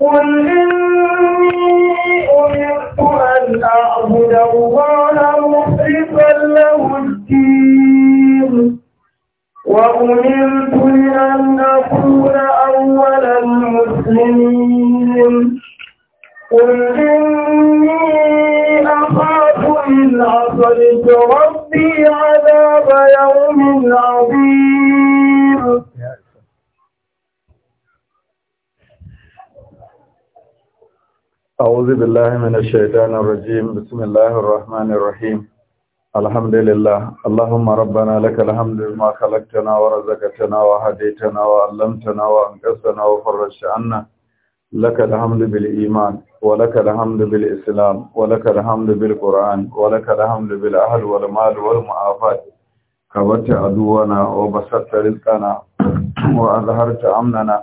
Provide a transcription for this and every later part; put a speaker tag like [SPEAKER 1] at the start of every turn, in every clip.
[SPEAKER 1] قل إني أمرت أن أعبد الله مخلصا له الدين وأمرت لأن أكون أول المسلمين قل إني أخاف إن عصيت ربي عذاب يوم عظيم
[SPEAKER 2] أعوذ بالله من الشيطان الرجيم بسم الله الرحمن الرحيم الحمد لله اللهم ربنا لك الحمد لما خلقتنا ورزقتنا وهديتنا وعلمتنا وأنقذتنا وفرجت عنا لك الحمد بالإيمان ولك الحمد بالإسلام ولك الحمد بالقرآن ولك الحمد بالأهل والمال والمعافات كبرت عدونا وبسطت رزقنا وأظهرت أمننا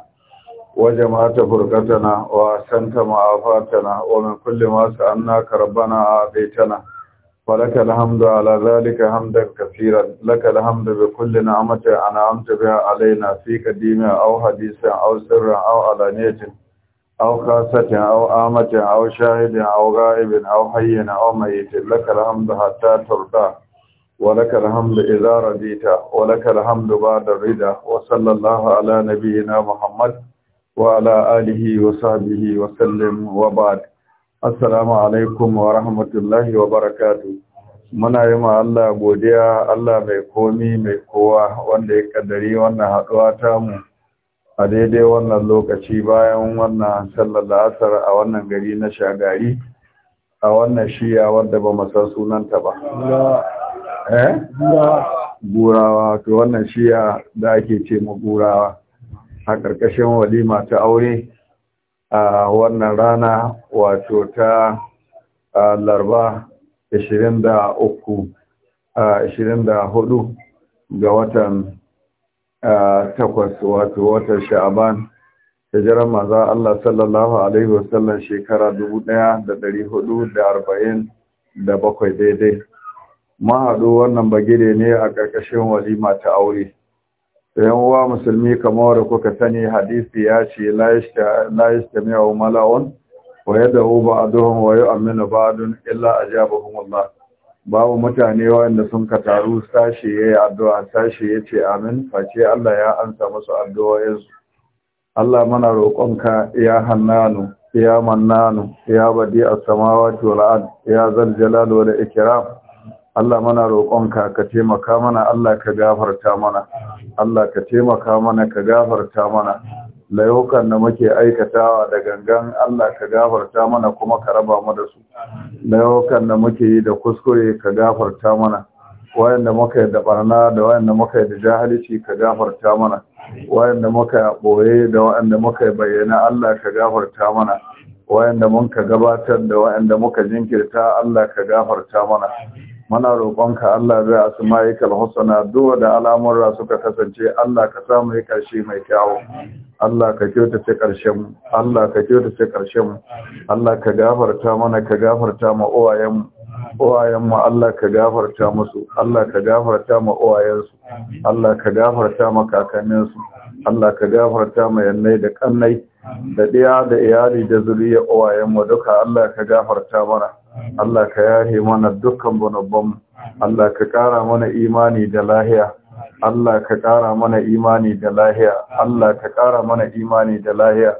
[SPEAKER 2] وجمعت فرقتنا وأحسنت معافاتنا ومن كل ما سألناك ربنا أعطيتنا ولك الحمد على ذلك حمدا كثيرا لك الحمد بكل نعمة أنعمت بها علينا في قديم أو حديث أو سر أو علانية أو خاصة أو آمة أو شاهد أو غائب أو حي أو ميت لك الحمد حتى ترضى ولك الحمد إذا رضيت ولك الحمد بعد الرضا وصلى الله على نبينا محمد وعلى آله وصحبه وسلم وبعد السلام عليكم ورحمة الله وبركاته muna yi ma Allah godiya Allah mai komi mai kowa wanda ya kaddari wannan haɗuwa ta mu a daidai wannan lokaci bayan wannan sallar la'asar a wannan gari na shagari a wannan shiya wadda ba mu san sunanta ba eh gurawa to wannan shiya da ake ce ma gurawa a ƙarƙashin walima ta aure a wannan rana wato ta larba 23 ga watan takwas wato watan sha'aban hijirar maza Allah sallallahu Alaihi wasallam shekara bakwai daidai. Mahaɗu wannan bagire ne a ƙarƙashin walima ta aure. yan uwa musulmi kamar da kuka sani hadisi ya ce la yastami wa mala'un wa yadahu ba'duhum wa ba don illa ajabahum Allah babu mutane wanda sun ka taru sashi yi addu'a sashi ce amin face Allah ya ansa musu addu'o'insu Allah mana roƙonka ya hannanu ya mannanu ya badi a samawa wal ya zal jalali wal Allah mana roƙonka ka taimaka mana Allah ka gafarta mana Allah ka taimaka mana ka gafarta mana layukan da muke aikatawa da gangan Allah ka gafarta mana kuma ka raba mu da su layukan da muke yi da kuskure ka gafarta mana wayanda muka yi da barna da wayanda muka yi da jahilci ka gafarta mana wayanda muka boye da wayanda muka bayyana Allah ka gafarta mana wayanda mun ka gabatar da wayanda muka jinkirta Allah ka gafarta mana muna roƙonka Allah a su asma'ikal husna duwa da alamarra suka kasance Allah ka samu yi ƙarshe mai kyawo. Allah ka kyautace ƙarshen Allah ka kyautace ƙarshen Allah ka gafarta mana ka gafarta ma uwayen Allah ka gafarta musu Allah ka gafarta ma uwayen su Allah ka gafarta ma kakannin su Allah ka gafarta ma yannai da kannai da ɗiya da iyali da zuriya uwayen mu duka Allah ka gafarta mana Allah ka yare mana dukkan banabban Allah ka ƙara mana imani da lahiya Allah ka ƙara mana imani da lahiya Allah ka ƙara mana imani da lahiya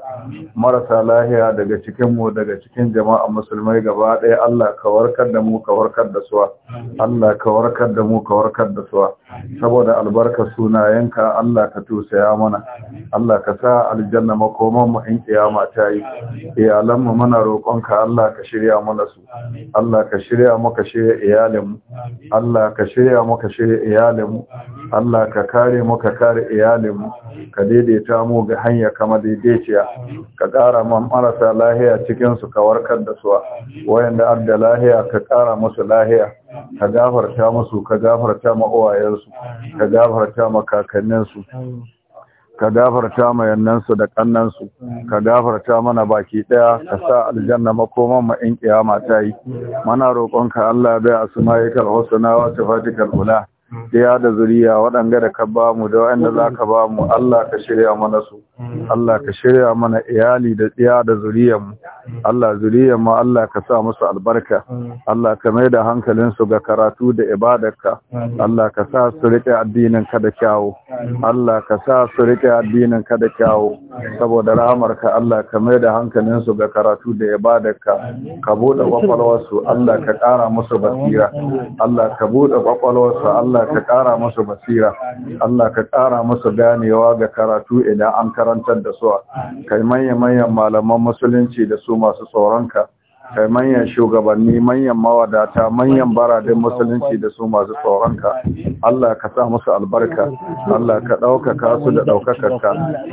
[SPEAKER 2] marasa lahiya daga cikinmu daga cikin jama'a musulmai gaba ɗaya Allah ka warkar da mu ka warkar da suwa Allah ka warkar da mu ka warkar da suwa saboda albarkar sunayenka Allah ka tusaya mana Allah ka sa aljanna makoman mu in kiyama ta yi Iyalanmu mu roƙonka Allah ka shirya mana su Allah ka shirya mu ka shirya iyalinmu. Allah ka shirya mu shirya iyalinmu. Allah Allah ka kare mu ka kare iyalinmu ka daidaita mu ga hanya kama daidaiciya ka ƙara marasa lahiya cikinsu ka warkar da su wayanda adda lahiya ka ƙara musu lahiya ka gafarta musu ka gafarta ma uwayensu ka gafarta ma kakanninsu ka gafarta ma yannansu da su ka gafarta mana baki ɗaya, ka sa aljanna makoman ma in kiyama ta yi mana roƙonka Allah bai asma'ikal husna wa sifatikal ula ya da zuriya waɗanda da ka ba mu da waɗanda za ka ba mu Allah ka shirya mana su mm. Allah ka shirya mana iyali da tsiya da mu. Allah zuriyar ma Allah ka sa musu albarka Allah ka mai da hankalin su ga karatu da ibadarka Allah ka sa su rike addinin ka da kyawu Allah ka sa su rike addinin ka da kyawu saboda rahamarka Allah ka mai da hankalin su ga karatu da ibadarka ka bude kwakwalwar su Allah ka kara musu basira Allah ka bude kwakwalwar su Allah ka kara musu basira Allah ka kara musu ganewa ga karatu idan an karantar da su kai manya manyan malaman musulunci da su su masu tsoronka kai manyan shugabanni manyan mawadata manyan baradin musulunci da su masu tsoronka Allah ka sa musu albarka Allah ka ɗaukaka su da ɗaukakarka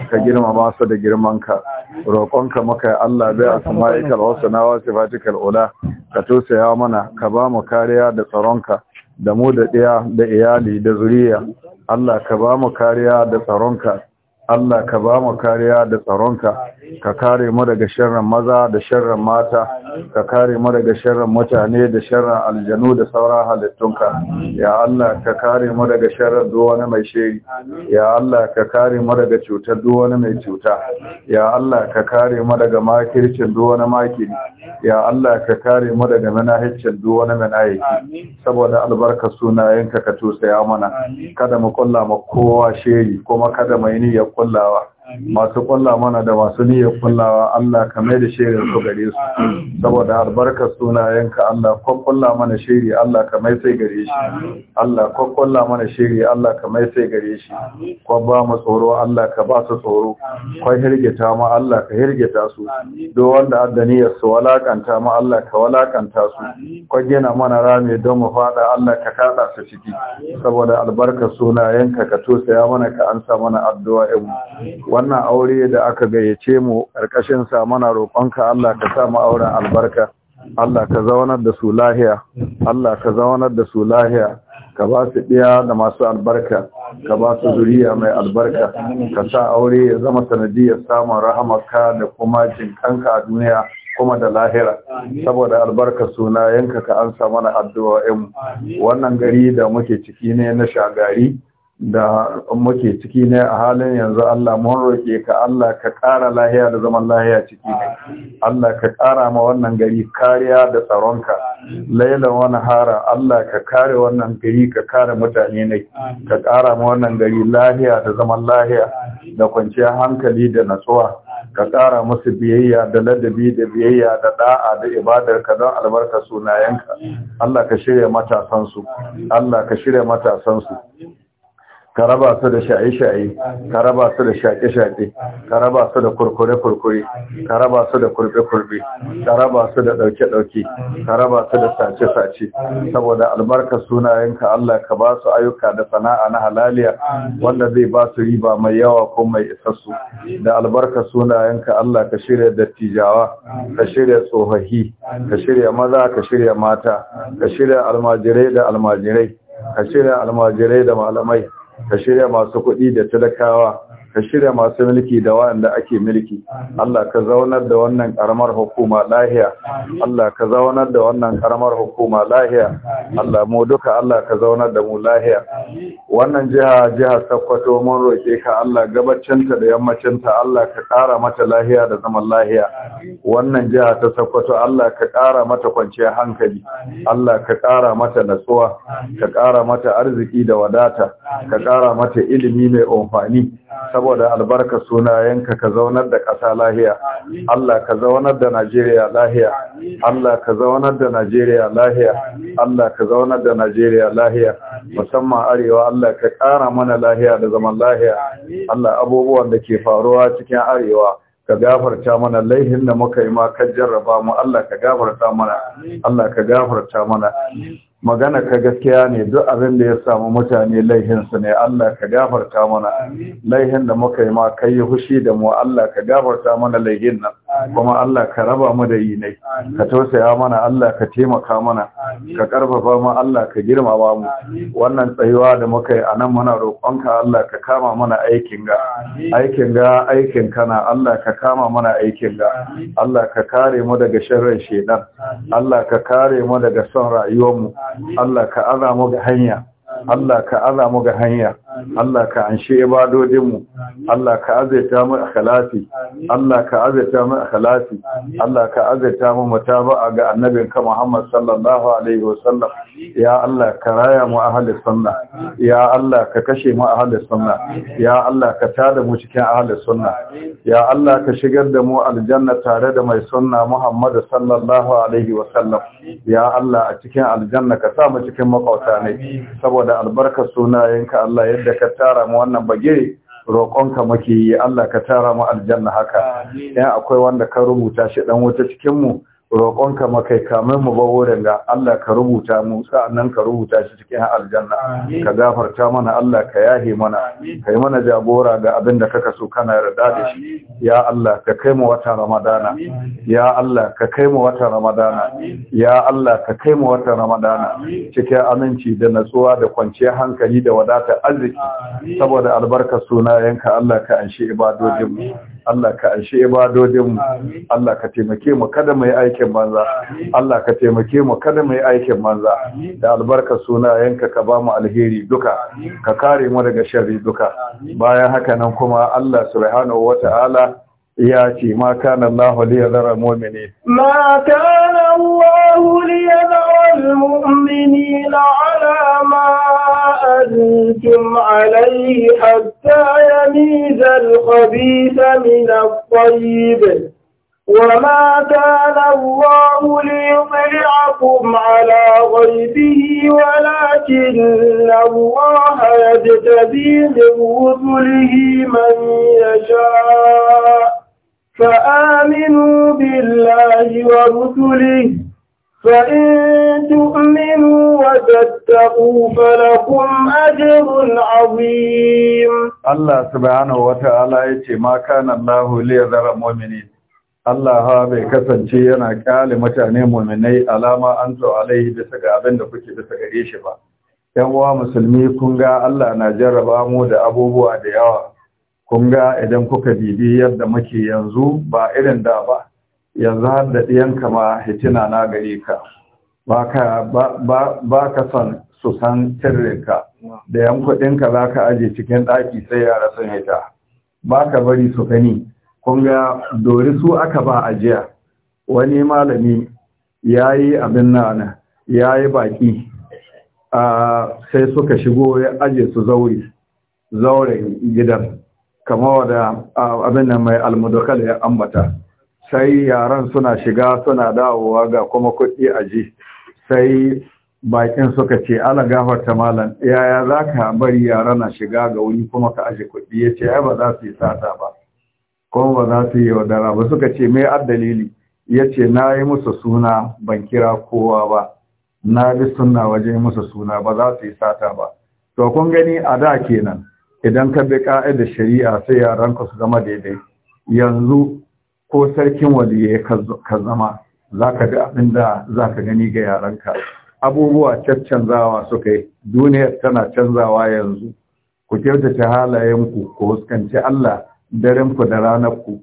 [SPEAKER 2] ka girmama su da girmanka roƙonka muka Allah bai asma'ikal na wasu sifatikal ula ka tusaya mana ka ba mu kariya da tsaronka da mu da ɗaya da iyali da zuriya Allah ka ba mu kariya da tsaronka Allah ka ba mu kariya da tsaronka ka kare mu daga sharrin maza da sharrin mata ka kare mu daga sharrin mutane da sharrin aljanu da sauran halittunka ya Allah ka kare mu daga sharrin duwani mai shiri ya Allah ka kare mu daga cutar duwani mai cuta ya Allah ka kare mu daga makircin duwani makiri ya Allah ka kare mu daga manahicin duwani manahiki saboda albarkar sunayenka ka tusaya mana kada mu kulla kowa shiri kuma kada mai niyyar kullawa masu kwallo mana da masu niyya kullawa Allah ka mai da shirin su gare su saboda albarkar sunayenka Allah ko kwallo mana shiri Allah ka mai sai gare shi Allah ko kwallo mana shiri Allah ka mai sai gare shi ko ba mu tsoro Allah ka ba su tsoro ko hirgita mu, Allah ka hirgita su do wanda adda niyyar su walakanta mu, Allah ka walakanta su ko gina mana rami don mu fada Allah ka kada su ciki saboda albarka sunayenka ka tosaya mana ka ansa mana addu'a mu wannan aure da aka gayyace mu ƙarƙashin sa muna roƙonka Allah ka sa mu auren albarka Allah ka zaunar da su lahiya Allah ka zaunar da su lahiya ka ba su ɗiya da masu albarka ka ba su zuriya mai albarka ka sa aure ya zama sanadiyar samun rahamarka da kuma jinkanka a duniya kuma da lahira saboda albarka suna yanka ka ansa mana addu'o'in wannan gari da muke ciki ne na shagari da muke ciki ne a halin yanzu Allah mun roƙe ka Allah ka ƙara lahiya da zaman lahiya ciki
[SPEAKER 1] ne
[SPEAKER 2] Allah ka ƙara ma wannan gari kariya da tsaronka laila wa hara Allah ka kare wannan gari ka kare mutane ne ka ƙara ma wannan gari lahiya da zaman lahiya da kwanciyar hankali da natsuwa ka ƙara musu biyayya da ladabi da biyayya da da'a da ibadar ka don albarka sunayenka Allah ka shirya matasansu Allah ka shirya matasansu ka raba su da shaye-shaye ka raba su da shaƙe-shaƙe ka raba su da kurkure-kurkure ka raba su da kurbe-kurbe ka raba su da ɗauke-ɗauke ka raba su da sace-sace saboda albarka sunayenka Allah ka ba su ayyuka da sana'a na halaliya wanda zai ba su riba mai yawa ko mai isassu da albarka sunayenka Allah ka shirya dattijawa ka shirya tsofaffi ka shirya maza ka shirya mata ka shirya almajirai da almajirai ka shirya almajirai da malamai ka shirya masu kuɗi da talakawa ka shirya masu mulki da wanda ake mulki Allah ka zaunar da wannan karamar hukuma lahiya Allah ka zaunar da wannan karamar hukuma lahiya Allah mu duka Allah ka zaunar da mu lahiya wannan jiha jiha Sokoto mun roke ka Allah gabacinta da yammacinta Allah ka ƙara mata lahiya da zaman lahiya wannan jiha ta Sokoto Allah ka ƙara mata kwanciyar hankali Allah ka ƙara mata natsuwa ka ƙara mata arziki da wadata ka ƙara mata ilimi mai amfani saboda saboda albarka sunayenka ka zaunar da ƙasa lahiya Allah ka zaunar da Najeriya lahiya Allah ka zaunar da Najeriya lahiya Allah ka zaunar da Najeriya lahiya musamman arewa Allah ka ƙara mana lahiya da zaman lahiya Allah abubuwan da ke faruwa cikin arewa ka gafarta mana laihin da muka yi ma kan jarraba mu Allah ka gafarta mana Allah ka gafarta mana magana ka gaskiya ne duk abin da ya samu mutane laihinsu ne Allah ka gafarta mana laihin da muka yi ma kai hushi da mu Allah ka gafarta mana laihin nan kuma Allah ka raba mu da yi nai ka tausaya mana Allah ka taimaka mana ka karfafa mu Allah ka girmama mu wannan tsayuwa da muka yi anan muna roƙonka Allah ka kama mana aikin ga aikin ga aikin kana Allah ka kama mana aikin ga Allah ka kare mu daga sharrin shedan Allah ka kare mu daga son rayuwar mu Allah ka azama mu ga hanya Allah ka ala mu ga hanya Allah ka an anshe ibadodinmu Allah ka azaita mu kalafi. Allah ka azaita mu kalafi. Allah ka azaita mu mutaba'a ga annabinka Muhammad sallallahu alaihi wasallam ya Allah ka raya mu ahli sunna ya Allah ka kashe mu ahli sunna ya Allah ka tada mu cikin a ahli sunna ya Allah ka shigar da mu aljanna tare da mai sunna Muhammad sallallahu alaihi wasallam ya Allah a cikin aljanna ka sa mu cikin makauta ne saboda da albarkar sunayenka Allah yadda ka tara mu wannan bage roƙonka muke yi Allah ka tara mu aljanna haka in akwai wanda ka rubuta shi ɗan wuta cikin mu roƙonka makai kamar mu ba wurin ga Allah ka rubuta mu sa'annan ka rubuta shi cikin aljanna ka gafarta mana Allah ka yahe mana kai mana jagora ga abin da kaka so kana yarda da shi ya Allah ka kai mu wata ramadana ya Allah ka kai mu watan ramadana ya Allah ka kai mu watan ramadana cikin aminci da natsuwa da kwanciyar hankali da wadatar arziki saboda albarkar sunayenka Allah ka anshi ibadojin mu Allah ka anshe ibadodinmu Allah ka taimake mu kada mu yi aikin manza. Allah ka taimake mu kada mu aikin manza. da albarka suna yanka ka ba mu alheri duka ka kare mu daga sharri duka bayan haka nan kuma Allah subhanahu wataala ياتي ما كان الله ليذر المؤمنين
[SPEAKER 1] ما كان الله ليذر المؤمنين على ما أنتم عليه حتى يميز الخبيث من الطيب وما كان الله ليطلعكم على غيبه ولكن الله يجتبي من رسله من يشاء فآمنوا بالله ورسله فإن تؤمنوا وتتقوا فلكم أجر
[SPEAKER 2] عظيم الله سبحانه وتعالى يتي ما كان الله ليذر المؤمنين Allah ha bai kasance yana kyale mutane muminai alama an zo alaihi bisa ga abin da kuke bisa gare shi ba. ‘Yan uwa musulmi kun ga Allah na jarraba mu da abubuwa da yawa, kun ga idan kuka bibi yadda muke yanzu ba irin da ba yanzu har da ɗiyan kama hitina na gare ka ba ka son su san sirrinka da yan kuɗinka za ka aje cikin ɗaki sai yara sun hita ba ka bari su gani kun ga dori su aka ba ajiya wani malami ya yi abin nana ya yi baƙi ah, sai suka shigo ya aje su zaure gidan kamar da abin nan mai almudokal ya ambata sai yaran suna shiga suna dawowa ga kuma kuɗi a ji sai bakin suka ce ala gafarta malam yaya za ka bari yara na shiga ga wuri kuma ka aje kuɗi ya ce ya ba za su yi sata ba kuma ba za su yi wadara ba suka ce mai addalili ya ce na yi musu suna ban kira kowa ba na bi suna waje musu suna ba za su yi sata ba to kun gani a da kenan idan ka bi da shari'a sai yarenka su zama daidai yanzu ko sarkin waliye ka zama za ka ga abin da za ka gani ga yaranka abubuwa canzawa suka yi duniyar tana canzawa yanzu ku kyautata halayenku ku huskanci Allah darenku da ranarku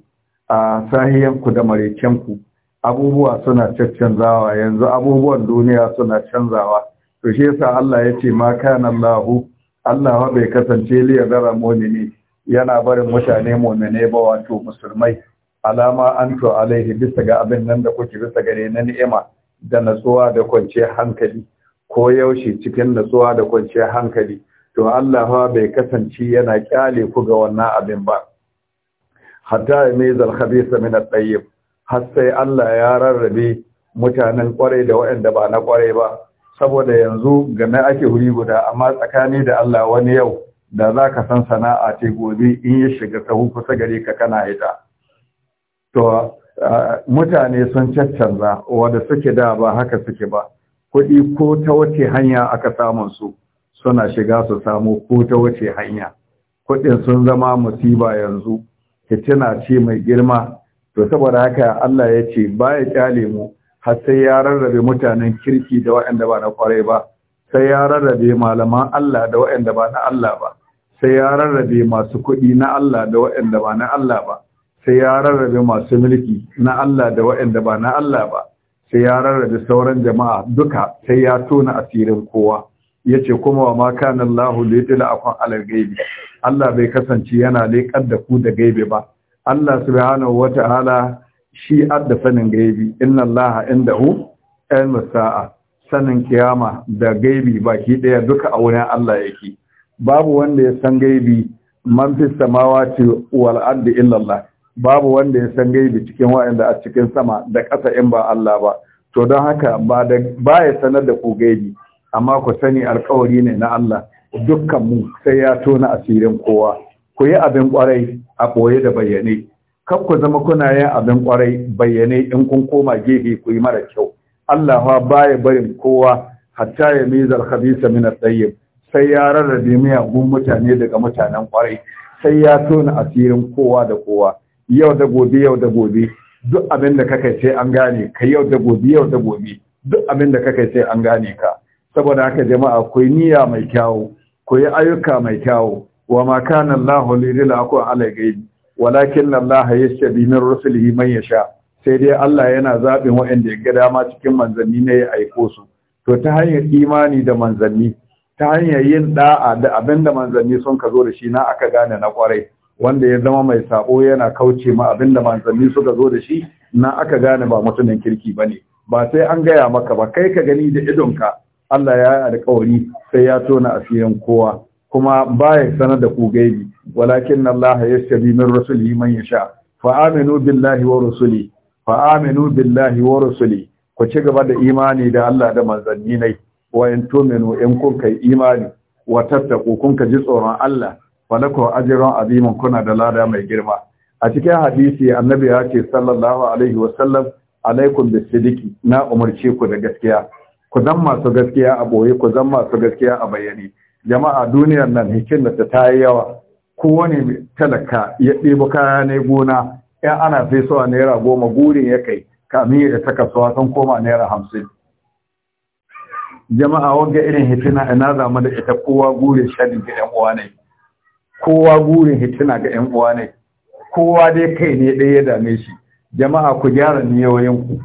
[SPEAKER 2] a sahiyanku da marekenku abubuwa suna canzawa yanzu abubuwan duniya suna canzawa to shi yasa Allah ya ce ma kana Allahu Allah bai kasance liya zara mu'mini yana barin mutane mu'mine ba wato musulmai alama an to alaihi bisa ga abin nan da kuke bisa gare na ni'ima da natsuwa da kwanciyar hankali ko yaushe cikin natsuwa da kwanciyar hankali to Allah bai kasance yana kyale ku ga wannan abin ba hatta yamiz al min at-tayyib har sai Allah ya rarrabe mutanen kwarai da waɗanda ba na kwarai ba saboda yanzu game ake huri guda amma tsakani da Allah wani yau da za ka san sana'a ce gobe in ya shiga sahu kusa gare ka kana ita to mutane sun caccanza wadda suke da ba haka suke ba kuɗi ko ta wace hanya aka samun su suna shiga su samu ko ta wace hanya kuɗin sun zama musiba yanzu ce mai girma to saboda haka Allah ya ce ba ya mu har sai ya rarrabe mutanen kirki da waɗanda ba na kwarai ba sai ya rarrabe malaman Allah da waɗanda ba na Allah ba sai ya rarrabe masu kuɗi na Allah da waɗanda ba na Allah ba sai ya rarrabe masu mulki na Allah da waɗanda ba na Allah ba sai ya rarrabe sauran jama'a duka sai ya tona asirin kowa yace kuma wa ma kana Allahu lidila akwai alal gaibi Allah bai kasance yana leƙar da ku da gaibe ba Allah subhanahu wataala shi adda sanin gaibi inna allaha hu ilmu sa'a sanin kiyama da gaibi baki daya duka a wurin Allah yake babu wanda ya san gaibi man fi samawati wal ardi illa Allah babu wanda ya san gaibi cikin wa'anda a cikin sama da ƙasa in ba Allah ba to don haka ba ya sanar da ku gaibi amma ku sani alƙawari ne na Allah dukkan mu sai ya tona asirin kowa ku yi abin kwarai a boye da bayyane kar ku zama kuna yin abin kwarai bayyane in kun koma gefe ku yi mara kyau Allah fa baya barin kowa hatta ya mizar khabisa min at-tayyib sai ya rarrabe miyagun mutane daga mutanen kwarai sai ya tona asirin kowa da kowa yau da gobe yau da gobe duk abin da sai an gane ka yau da gobe yau da gobe duk abin da kaka sai an gane ka saboda haka jama'a ku yi niyya mai kyawu ku yi ayyuka mai kyawu wa ma kana Allahu lillahi walakin Allah shabi min rusulihi man yasha sai dai Allah yana zaɓin waɗanda ya ga dama cikin manzanni ne ya aiko su to ta hanyar imani da manzanni ta hanyar yin da'a da abinda da manzanni sun ka zo da shi na aka gane na kwarai wanda ya zama mai sabo yana kauce ma abinda da manzanni suka zo da shi na aka gane ba mutumin kirki ba ne ba sai an gaya maka ba kai ka gani da idonka Allah ya yi alƙawari sai ya tona asirin kowa kuma baya sanar da ku gaibi walakin Allah yashtabi min rasulihi man yasha fa aminu billahi wa rasuli fa aminu billahi wa rasuli ku ci gaba da imani da Allah da manzanni ne wa in tuminu in kun kai imani wa tattaku kun ka ji tsoron Allah fa lakum ajrun azimun kuna da lada mai girma a cikin hadisi annabi ya ce sallallahu alaihi wa sallam alaikum bisidiki na umarce ku da gaskiya ku zan masu gaskiya a boye ku zan masu gaskiya a bayyane jama'a duniyar nan hikin da ta yi yawa wani talaka ya ɗebo kaya ne gona ya ana fesowa naira goma gurin ya kai kamin ya ta kasuwa sun koma naira hamsin jama'a wanga irin hitina ina zama da ita kowa gurin shadin ga yan uwa ne kowa gurin hitina ga yan uwa ne kowa dai kai ne ɗaya ya dame shi jama'a ku gyara niyoyinku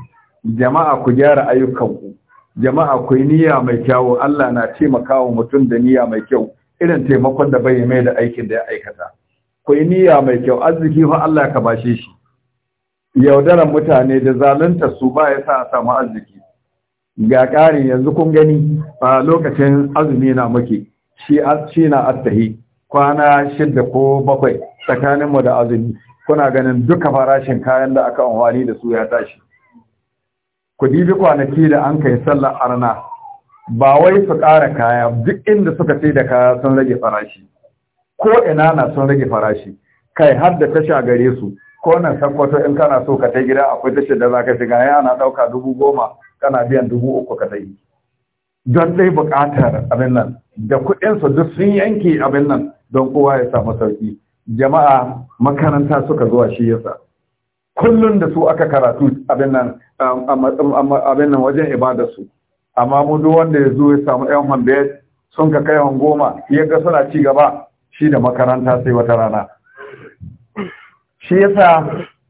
[SPEAKER 2] jama'a ku gyara ayyukanku jama'a ku niyya mai kyau. Allah na taimakawa mutum da niyya mai kyau irin taimakon da bai mai da aikin da ya aikata ku niyya mai kyau arziki fa Allah ka bashe shi yaudaran mutane da zalunta su ba ya sa a samu arziki ga ƙari, yanzu kun gani a lokacin azumi na muke shi na attahi kwana shida ko bakwai tsakaninmu da azumi kuna ganin duka farashin kayan da aka amfani da su ya tashi ku bi kwanaki da an kai sallar arna ba wai su ƙara kaya duk inda suka sai da kaya sun rage farashi ko ina na sun rage farashi kai har da tasha gare su ko nan sakwato in kana so ka tai gida akwai tashar da za ka shiga ya na ɗauka dubu goma kana biyan dubu uku ka tai don dai buƙatar abin nan da kuɗinsu duk sun yanke abin nan don kowa ya samu sauƙi jama'a makaranta suka zuwa shi yasa kullum da su aka karatu abin nan wajen ibadarsu amma mu duk wanda ya zo ya samu yan hambe sun ka kai wani goma ya ga suna ci gaba shi da makaranta sai wata rana shi yasa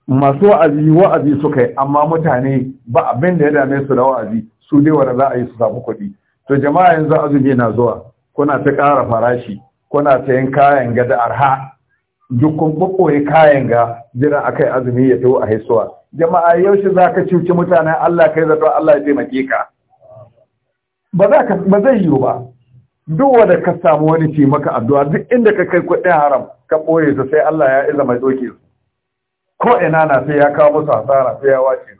[SPEAKER 2] masu wa'azi wa'azi suka yi amma mutane ba abin da ya dame su da wa'azi su dai wanda za a yi su samu kuɗi to jama'a yanzu azumi na zuwa kuna ta ƙara farashi kuna ta yin kayan gada arha duk kun ɓoɓɓoye kayan ga jiran akai azumi ya tawo a haisuwa jama'a yaushe za ka cuci mutanen Allah kai zato Allah ya taimake ka ba za ka ba zai yiwu ba duk wanda ka samu wani ci maka addu'a duk inda ka kai kuɗin haram ka ɓoye su sai Allah ya iza mai ɗauke su ko ina na sai ya kawo musu hasara sai ya wace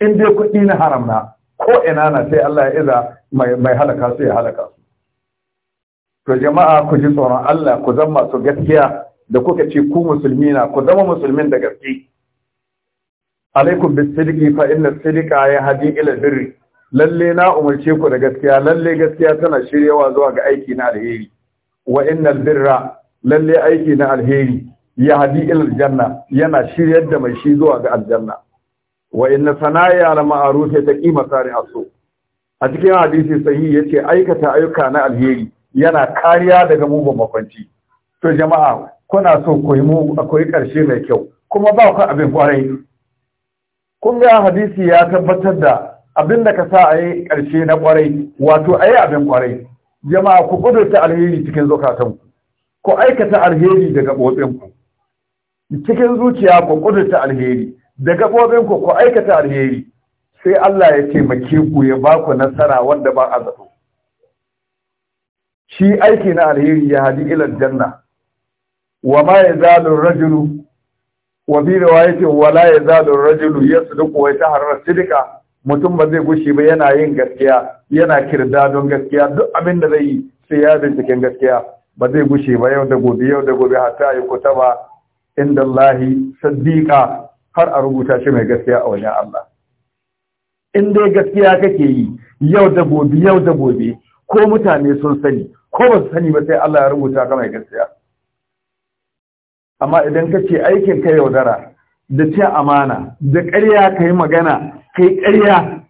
[SPEAKER 2] in dai kuɗi na haram na ko ina na sai Allah ya iza mai halaka su ya halaka su to jama'a ku ji tsoron Allah ku zama su gaskiya da kuka ce ku musulmi na ku zama musulmin da gaske alaikum bisidiki fa inna ya yahdi ila birri lalle na umarce ku da gaskiya lalle gaskiya tana shiryawa zuwa ga aiki na alheri wa inna birra lalle aiki na alheri yahdi ila aljanna yana shiryar da mai shi zuwa ga aljanna wa inna sanaya al ma'ruf qima sari asu a cikin hadisi sahihi yace aikata ayyuka na alheri yana kariya daga mugun makwanci to jama'a kuna so ku yi mu akwai ƙarshe mai kyau kuma ba ku abin kwarai kun ga hadisi ya tabbatar da abin da ka sa a yi ƙarshe na kwarai wato a yi abin kwarai jama'a ku ƙudurta alheri cikin zukatanku ku aikata alheri daga gaɓoɓinku cikin zuciya ku ƙudurta alheri da gaɓoɓinku ku aikata alheri sai Allah ya taimake ku ya ba ku nasara wanda ba a zato shi aiki na alheri ya hadi ilal janna wa ma yazalu rajulu wa bi riwayati wa la yazalu rajulu yasduqu wa yataharra sidqa mutum ba zai gushi ba yana yin gaskiya yana kirda don gaskiya duk abin da zai yi sai ya cikin gaskiya ba zai gushe ba yau da gobe yau da gobe hatta ya kuta inda Allah saddiqa har a rubuta shi mai gaskiya a wajen Allah in dai gaskiya kake yi yau da gobe yau da gobe ko mutane sun sani ko ba su sani ba sai Allah ya rubuta ka mai gaskiya amma idan ka ce aikin ka yaudara da ce amana da ƙarya ka yi magana ka yi ƙarya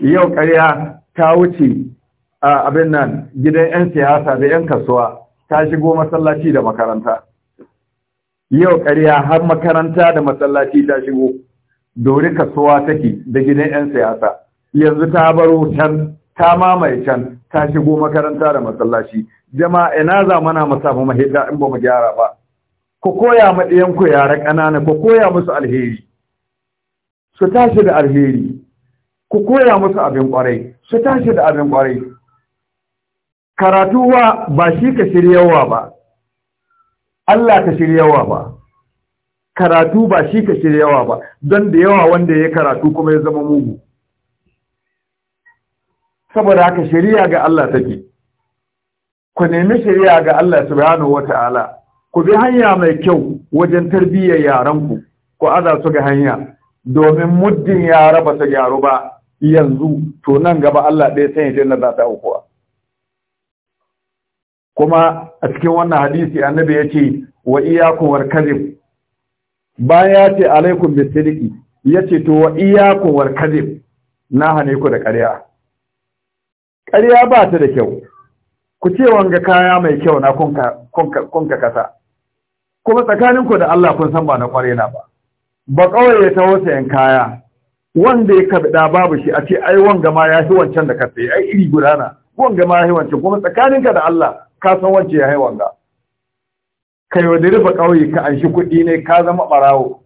[SPEAKER 2] yau ƙarya ta wuce a abin nan gidan 'yan siyasa da 'yan kasuwa ta shigo masallaci da makaranta yau ƙarya har makaranta da masallaci ta shigo dori kasuwa take da gidan 'yan siyasa yanzu ta baro can ta mamaye can ta shigo makaranta da masallaci jama'a ina zamana mu samu mahita in ba mu gyara ba ku koya ma ɗayanku yara ƙanana ku koya musu alheri su tashi da alheri ku koya musu abin ƙwarai su tashi da abin ƙwarai karatuwa ba shi ka shiryawa ba Allah ka shiryawa ba karatu ba shi ka shiryawa ba don da yawa wanda ya karatu kuma ya zama mugu saboda haka shirya ga Allah take ku nemi shirya ga Allah subhanahu wata'ala ku bi hanya mai kyau wajen tarbiyyar yaranku ku aza su ga hanya domin muddin yara ba su gyaru ba yanzu to nan gaba Allah ɗaya sanya janna za ta aukuwa kuma a cikin wannan hadisi annabi ya ce wa iyakun war kazib bayan ya ce alaikum bisidiki ya ce to wa iyakun war kazib na hane ku da ƙarya ƙarya ba ta da kyau ku ce wanga kaya mai kyau na kunka kasa kuma tsakaninku da Allah kun san ba na kware na ba ba kawai ya taho sayan kaya wanda ya kabida babu shi a ce ai wanga ma ya fi wancan da ka sai ai iri gudana wanga ma ya fi wancan kuma tsakaninka da Allah ka san wance ya haiwan ga kai wadda ba ƙauye ka anshi kuɗi ne ka zama ɓarawo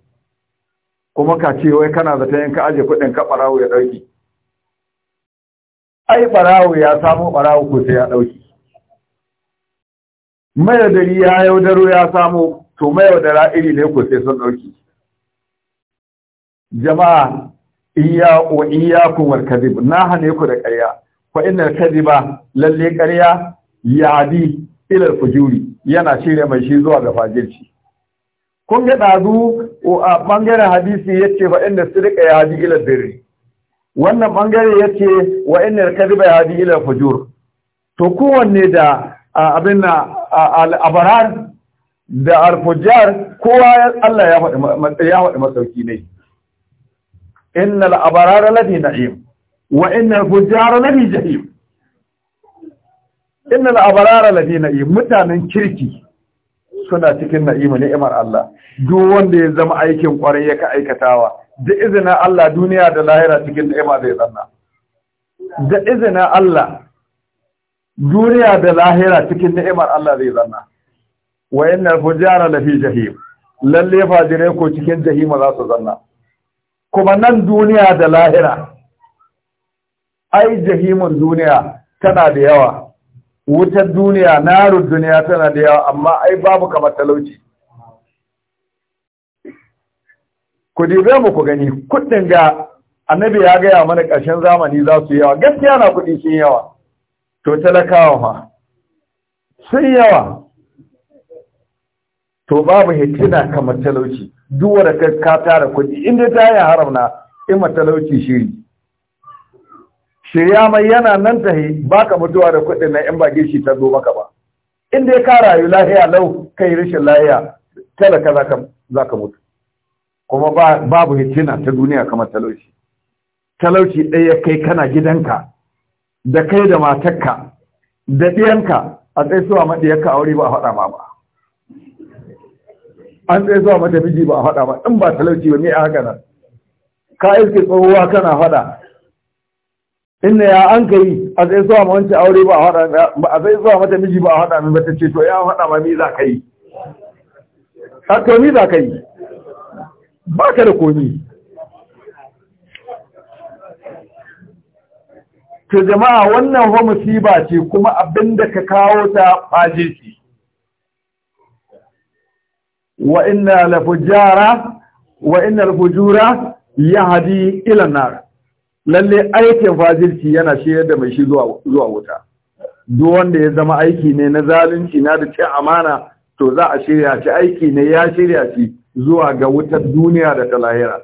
[SPEAKER 2] kuma ka ce wai kana zata yanka aje kuɗin ka ɓarawo ya ɗauki ai ɓarawo ya samu ɓarawo ko sai ya ɗauki mai ya yaudaro ya samu to mai wadara iri ne ku sai sun ɗauki jama'a iya wa iyakun wal kadhib na hane ku da ƙarya fa innal kadhiba lalle ƙarya ya bi ilar fujuri yana shirya mai shi zuwa ga fajirci kun ga dazu a bangaren hadisi yace fa inna ya bi ilar birri wannan bangare yace wa innal kadhiba ya bi ilar fujur to kowanne da abin na a abrar da alfujar kowa Allah ya faɗi ya faɗi masauki ne innal abarara lafi na'im wa innal fujara lafi jahim innal abarara lafi na'im mutanen kirki suna cikin na'ima ni'imar Allah duk wanda ya zama aikin kwarai ya ka aikatawa da izinin Allah duniya da lahira cikin ni'ima zai zanna da izinin Allah duniya da lahira cikin ni'imar Allah zai zanna wa innal fujara fi jahim lalle fajirai ko cikin jahima za su zanna kuma nan duniya da lahira ai jahimin duniya tana da yawa wutar duniya narun duniya tana da yawa amma ai babu kamar talauci ku dibe mu ku gani kuɗin ga annabi ya gaya mana ƙarshen zamani za su yawa gaskiya na kuɗi sun yawa to talakawa ma sun yawa to babu hitina kamar talauci duk wanda ka ka tara kuɗi in dai ta yi haram na in matalauci shiri shirya mai yana nan ta tahi baka mutuwa da kuɗi na in ba gishi ta zo maka ba in dai ka rayu lahiya lau kai rashin lahiya talaka zaka zaka mutu kuma babu hitina ta duniya kamar talauci talauci ɗaya kai kana gidanka da kai da matarka da ɗiyanka a tsaisuwa maɗiyarka aure ba a faɗa ma ba an zai zuwa mata miji ba a faɗa ba in ba talauci ba me a haka nan ka iske tsohuwa kana faɗa inda ya an kai a zai zuwa ma wancan aure ba a faɗa ba a zai zuwa mata miji ba a faɗa min ba ta ce to ya faɗa ma me za ka yi a to me za ka yi ba ka da komi to jama'a wannan wa musiba ce kuma abinda ka kawo ta ɓaje ce wa inna lafujara wa inna lafujura yahdi ila nar lalle aikin fazilci yana shiyar da mai shi zuwa zuwa wuta duk wanda ya zama aiki ne na zalunci na da cin amana to za a shirya shi aiki ne ya shirya shi zuwa ga wutar duniya da ta lahira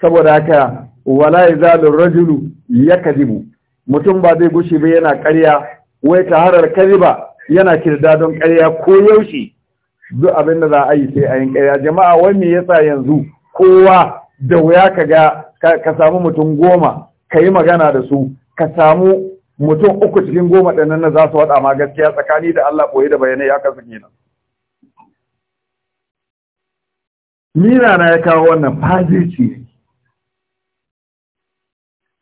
[SPEAKER 2] saboda haka wala yazalu rajulu yakadibu mutum ba zai gushi ba yana ƙarya wai taharar kariba yana kirda don ƙarya ko yaushe duk abin da za a yi sai a yin ƙarya jama'a wai me yasa yanzu kowa da wuya ka ga ka samu mutum goma ka yi magana da su ka samu mutum uku cikin goma ɗannan na za su waɗa ma gaskiya tsakani da Allah ɓoye da bayanai ya kasu kenan. Nina na ya kawo wannan fajirci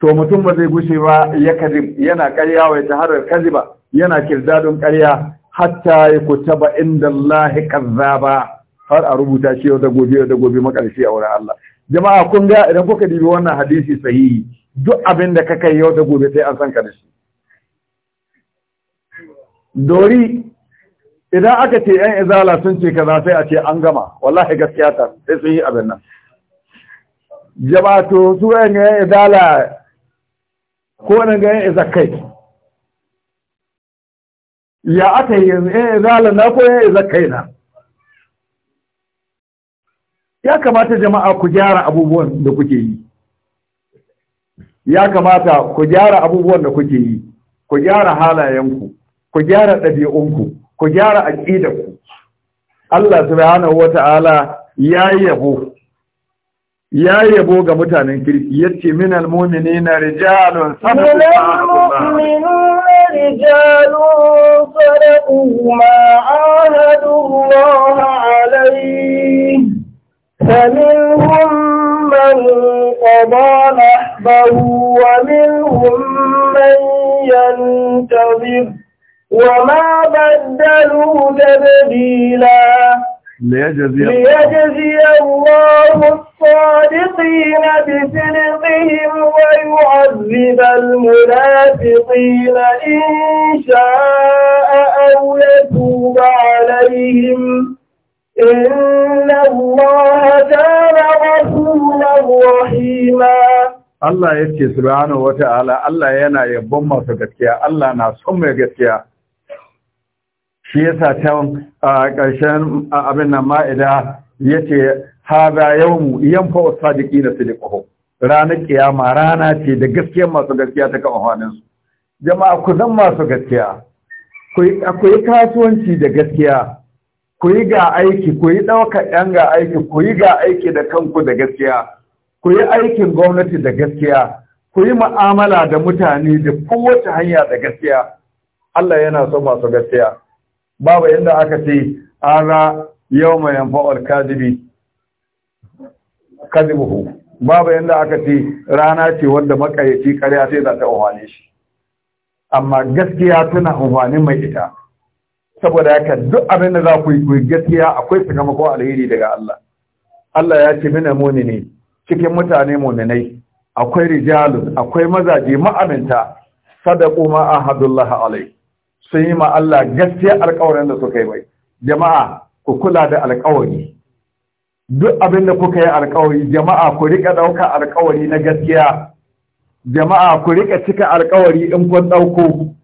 [SPEAKER 2] to mutum ba zai gushe ba yana karyawa ya ta harar kazi ba yana kirdadun ƙarya hatta ya taba inda Allah kazzaba har a rubuta shi yau da gobe da gobe makarshe a wurin Allah jama'a kun ga idan kuka dibi wannan hadisi sahihi duk abin da ka kai yau da gobe sai an san ka da shi dori idan aka ce yan izala sun ce kaza sai a ce an gama wallahi gaskiya ta sai sun yi abin nan jama'a to su yan izala ko nan ga yan izakai ya aka yi yanzu za eh, zala na ko ya iza kaina ya kamata jama'a ku gyara abubuwan da kuke yi ya kamata ku gyara abubuwan da kuke yi ku gyara halayenku ku gyara ɗabi'unku ku gyara aƙidarku Allah subhanahu wata'ala ya yabo ya yabo ga mutanen kirki yace minal mu'minina rijalun sadaqu
[SPEAKER 1] رجال صدقوا ما عاهدوا الله عليه فمنهم من قضى نحبه ومنهم من ينتظر وما بدلوا تبديلاً
[SPEAKER 2] ليجزي ليجزي
[SPEAKER 1] الله الصادقين بصدقهم ويعذب المنافقين إن شاء أو يتوب عليهم إن الله كان غفورا رحيما
[SPEAKER 2] Allah ya ce subhanahu wata'ala Allah yana yabon masu gaskiya Allah na son mai gaskiya shi sa can a ƙarshen abin nan ma'ida ya ce haza yawmu yan fa sadiqi na liƙo ranar kiyama rana ce da gaskiyar masu gaskiya ta kan hanin jama'a ku zan masu gaskiya ku yi kasuwanci da gaskiya ku yi ga aiki ku yi ɗauka ɗan ga aiki ku yi ga aiki da kanku da gaskiya ku yi aikin gwamnati da gaskiya ku yi mu'amala da mutane da kowace hanya da gaskiya Allah yana so masu gaskiya babu inda aka ce ana yau mai alkadibi kadibi kadibuhu babu yanda aka ce rana ce wanda makayyaci ƙarya sai za ta umarni shi amma gaskiya tana umarni mai ita saboda haka duk abinda da za ku yi kuwa gaskiya akwai sakamako alheri daga Allah Allah ya ce mina ne cikin mutane muninai akwai rijalun akwai mazaje ma'aminta sadaqu ma ahadullah alai sun yi ma Allah gaskiya alƙawarin da suka yi mai jama'a ku kula da alkawari duk abin da kuka yi alkawari jama'a ku rika ɗauka alƙawari na gaskiya jama'a ku rika cika alkawari in kun ɗauko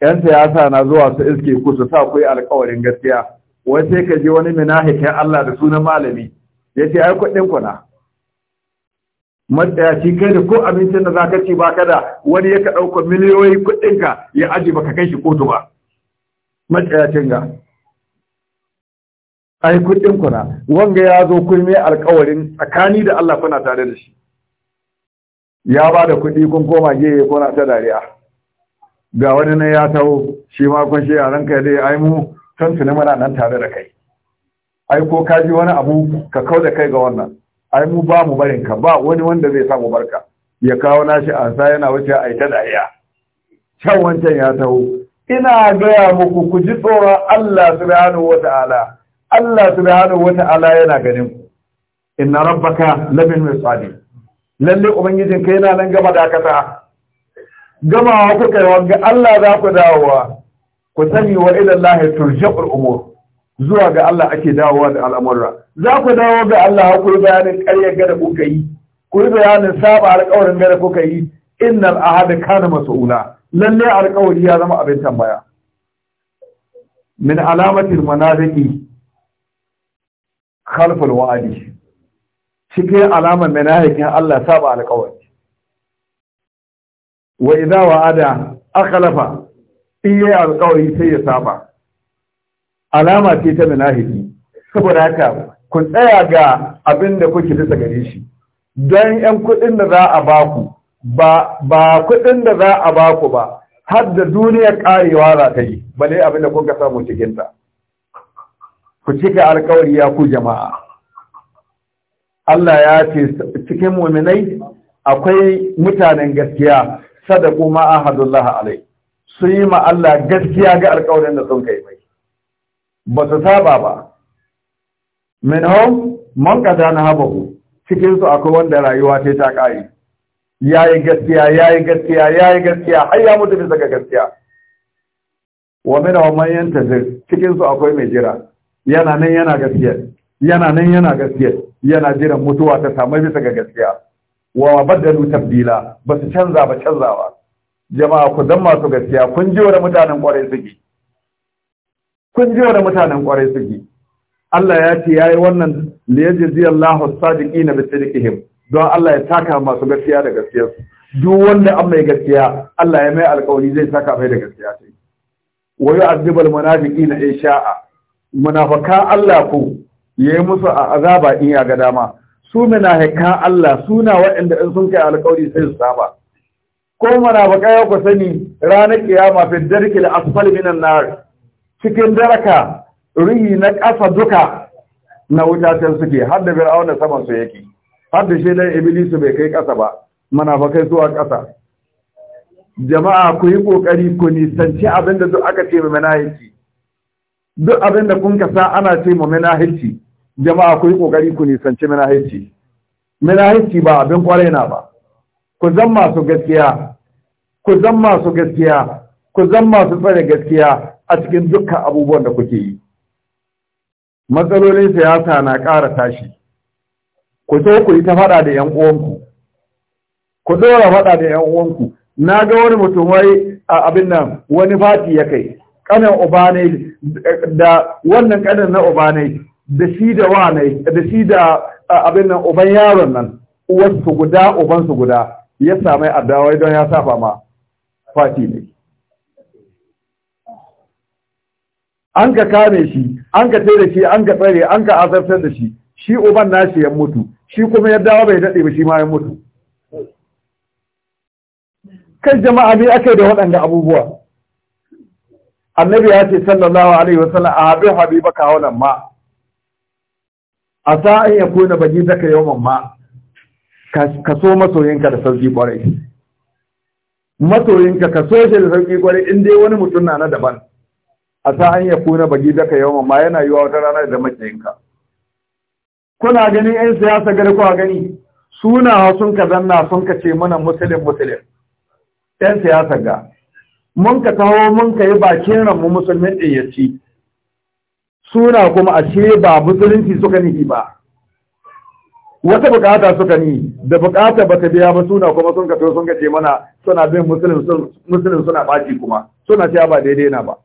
[SPEAKER 2] yan siyasa na zuwa su iske ku su sa ku yi alƙawarin gaskiya wai sai ka je wani minahikin Allah da sunan malami ya ce ai kuɗin ku na matsayaci kai da ko abincin da za ka ci ba kada wani ya ka ɗauka miliyoyi kuɗinka ya aji ba ka kai shi kotu ba matsayacin ga ai kuɗin kuna wanga ya zo kun mai alkawarin tsakani da Allah kuna tare da shi ya ba da kuɗi kun koma ya kuna ta dariya ga wani na ya taho shi ma kun shi yaran kai dai ai mu tantune muna nan tare da kai ai ko ka ji wani abu ka kau da kai ga wannan ai mu ba mu barin ka ba wani wanda zai sa samu barka ya kawo nashi sa yana wuce a ita da iya. can wancan ya taho ina gaya muku ku ji tsoron Allah subhanahu wata'ala Allah subhanahu wata'ala yana ganin ku inna rabbaka labin mai tsadi lalle ubangijin kai yana nan gama da kasa gamawa kuka yi wanga Allah za ku dawowa ku sani wa ilallahi Allah turja'ul umur zuwa ga Allah ake dawowa da al'amurra za ku dawo ga Allah ku yi bayanin ƙaryar gada kuka yi ku yi bayanin saba alƙawarin gada kuka yi innal ahada kana mas'ula lalle alƙawari ya zama abin tambaya min alamatil manaziki khalfal wa'adi cikin alamar manahikin Allah saba alƙawari wa idza wa'ada akhlafa in yayi alƙawari sai ya saba alama ce ta munafiki saboda haka kun tsaya ga abin da kuke bisa gare shi don 'yan kuɗin da za a baku ba ba kuɗin da za a baku ba har da duniyar karewa za ta yi bale abin da kuka samu cikinta ku cika alkawari ya ku jama'a Allah ya ce cikin muminai akwai mutanen gaskiya sadaku ma alai sun yi ma Allah gaskiya ga alkawarin da sun kai mai ba su saba ba min hau man kata na habahu Cikinsu akwai wanda rayuwa ce ta Ya yi gaskiya ya yi gaskiya ya yi gaskiya har ya mutu bisa ga gaskiya wa min hau man yantazir cikinsu akwai mai jira yana nan yana gaskiya yana nan yana gaskiya yana jiran mutuwa ta samu bisa ga gaskiya wa badalu tabdila ba su canza ba canzawa jama'a ku zama masu gaskiya kun ji wa mutanen kwarai suke kun ji wani mutanen kwarai suke Allah ya ce yayi wannan liyajzi Allahu as na bi sidqihim don Allah ya taka masu gaskiya da gaskiyarsu duk wanda an mai gaskiya Allah ya mai alƙawari zai taka mai da gaskiya sai wa yu'adhibul na in sha'a munafaka Allah ya yayi musu azaba in ya ga dama su munafika Allah suna waɗanda in sun kai alƙawari sai su saba ko munafika ya ku sani ranar kiyama fi darkil asfal minan na. cikin daraka ruhi na ƙasa duka na wujatan suke har da fir'auna saman su yake har da shedan iblisu bai kai ƙasa ba mana ba kai zuwa ƙasa jama'a ku yi kokari ku nisanci abin da duk aka ce mu manahilci duk abin da kun kasa ana ce mu manahilci jama'a ku yi kokari ku nisanci manahilci manahilci ba abin kwarai na ba ku zan masu gaskiya ku zan masu gaskiya ku zan masu tsare gaskiya a cikin dukkan abubuwan da kuke yi matsalolin siyasa na ƙara tashi ku so ku yi ta faɗa da 'yan uwanku ku ɗora faɗa da 'yan uwanku na ga wani mutum wai a abin nan wani fati ya kai ƙanan ubanai da wannan ƙanan na ubanai da shi da wanai da shi da abin nan uban yaron nan wasu guda ubansu guda ya sami adawai don ya saba ma fati ne an ka kame shi an ka tsere shi an ka tsare an ka azabtar da shi shi uban nashi ya mutu shi kuma ya dawo bai daɗe ba shi ma ya mutu kai jama'a ne akai da waɗanda abubuwa annabi ya ce sallallahu alaihi sallam a habi habibaka hawlan ma a sa'in ya kuna baji zaka yawman ma ka so masoyinka da sauki kwarai masoyinka ka so shi da sauki kwarai in dai wani mutum na na daban a sa an ya kuna bagi daga yawon ma yana yi wa wata rana da matsayinka kuna ganin yan siyasa gari kuwa gani suna sun ka zanna sun ka ce mana musulun musulun yan siyasa ga mun ka taho mun ka yi bakin ranmu musulmin ɗin ya ci suna kuma ashe ba musulunci suka nihi ba wata bukata suka ni da bukata bata biya ba suna kuma sun ka to sun ka ce mana suna bin musulun suna ɓaci kuma suna cewa ba daidai na ba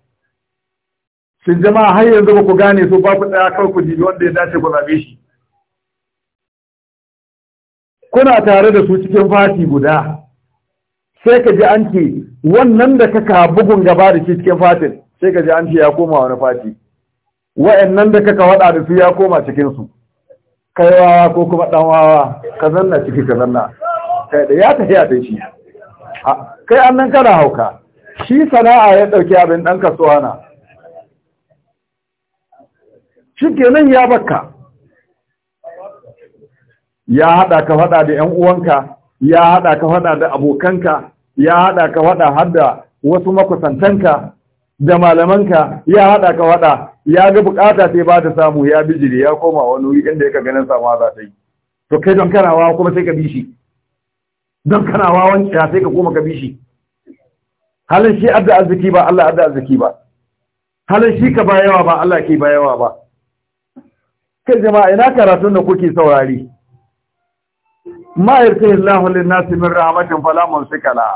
[SPEAKER 2] Kin jama'a har yanzu ba ku gane so ba ku tsaya kawai ku jibi wanda ya dace ku zabe shi kuna tare da su cikin fati guda sai ka ji an ce wannan da kaka bugun gaba da shi cikin fatin sai ka ji an ce ya koma wani fati wa'annan da kaka waɗa da su ya koma cikin su kai wawa ko kuma ɗan wawa ka zanna ciki ka zanna kai da ya tafiya da shi kai an nan kana hauka shi sana'a ya ɗauki abin ɗan kasuwa na shi nan ya baka ya haɗa ka faɗa da ‘yan uwanka ya haɗa ka faɗa da abokanka ya haɗa ka faɗa har da wasu makusantanka da malamanka ya haɗa ka faɗa ya ga bukata sai ba ta samu ya bijire ya koma wani wuri inda yaka ganin samuwa za ta yi to kai don kanawa kuma sai ka bi shi don kanawa wani ya sai ka koma ka bi shi halin shi adda arziki ba Allah adda arziki ba halin shi ka bayawa ba Allah ke bayawa ba kai jama'a ina karatun da kuke saurari ma yarta nasimin lin nasi min rahmatin fala mumsika la